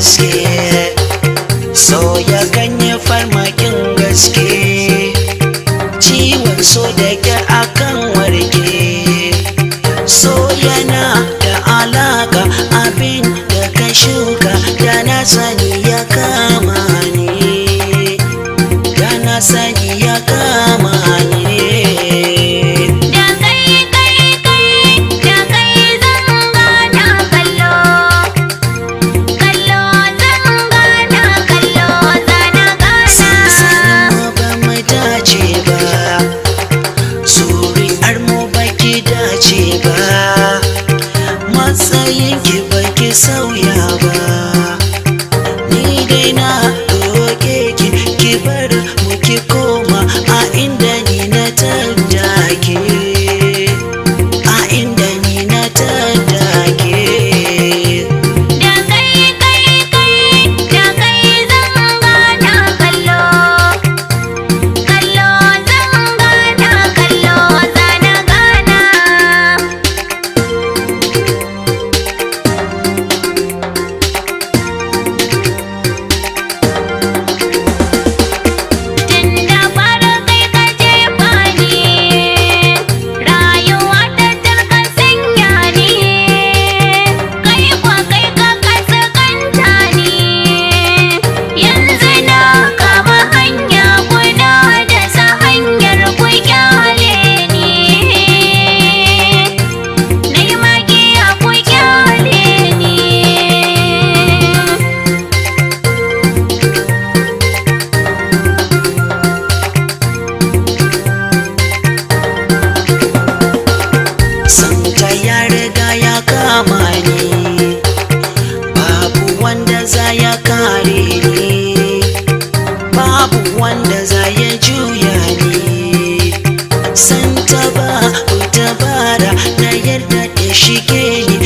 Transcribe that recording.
haske so ganye farmakin gaske ciwon so da ke akan warke so na da alaka abin da ka shuka da na sani ki baki sauya ba ni dai na roke ki ki bar mu ki ko wanda za ya juya ni san ta ba ku tabara na yarda da shi ke ni